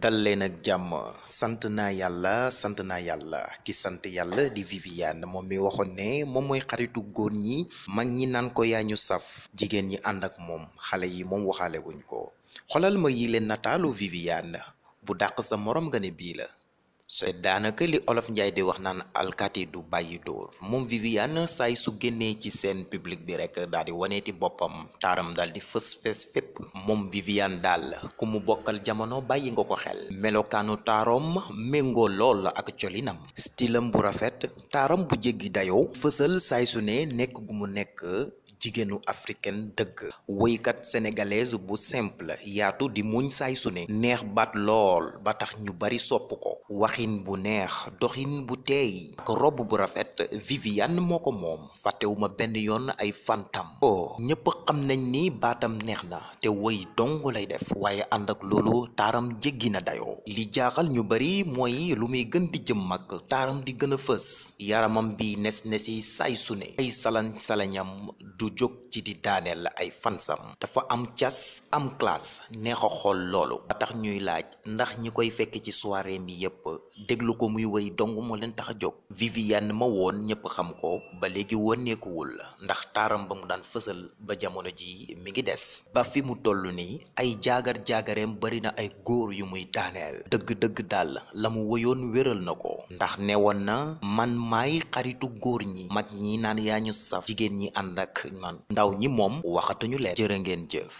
dal leen ak jàmm sant naa yàlla sant naa yàlla ki sant yàlla di Viviane moom mi waxoon ne moom mooy xaritu góor ñi mag ñi naan ko yaa ñu saf jigéen ñi ànd ak moom xale yi moom waxaale wuñ ko xolal ma yi leen nataalu Viviane bu dàq sa moroom nga ne bii la daanaka li olof njaay di wax naan alkaati du bàyyi dóor moom Viviane say su génnee ci seen publique bi rek daal di waneeti boppam taaram daal di fës fes fépp moom Viviane daal ku mu bokkal jamono bàyyi nga ko xel melokaanu taaroom méngoo lool ak colinam stilam bu rafet taaram bu jéggi dayo fësal saay su ne nekk gu mu nekk jigéenu africaine dëgg woykat sénégalaise bu simple yaatu di muñ saay su neex baat lool ba tax ñu bari sopp ko waxin bu neex doxin bu teey ak robb bu rafet Viviane moo ko moom fàttewuma benn yoon ay fantam oh ñépp xam nañ ni baatam neex na te woy dong lay def waaye ànd ak loolu taaram jéggi na dayoo li jaaxal ñu bari mooy lu muy gën di jëm mag taaram di gën a fës yaramam bi nes nesi saay ay salañ salañam du jóg ci di daaneel ay fansam dafa am cas am classe neex xool loolu ba tax ñuy laaj ndax ñi koy fekk ci soirée mi yépp déglu ko muy woy dong moo leen tax a jóg Viviane ma woon ñépp xam ko ba léegi wënneekuwul ndax taaram ba mu daan fësal ba jamono ji mi ngi des ba fi mu toll nii ay jaagar jaagareem bari na ay góor yu muy daaneel dëgg-dëgg daal la mu woyoon wéral na ko ndax newoon na man maay xaritu góor ñi mag ñi naan yaa ñu saf jigéen ñi ànd ak man ndaw ñi moom waxatuñu leen jërë ngeen jëf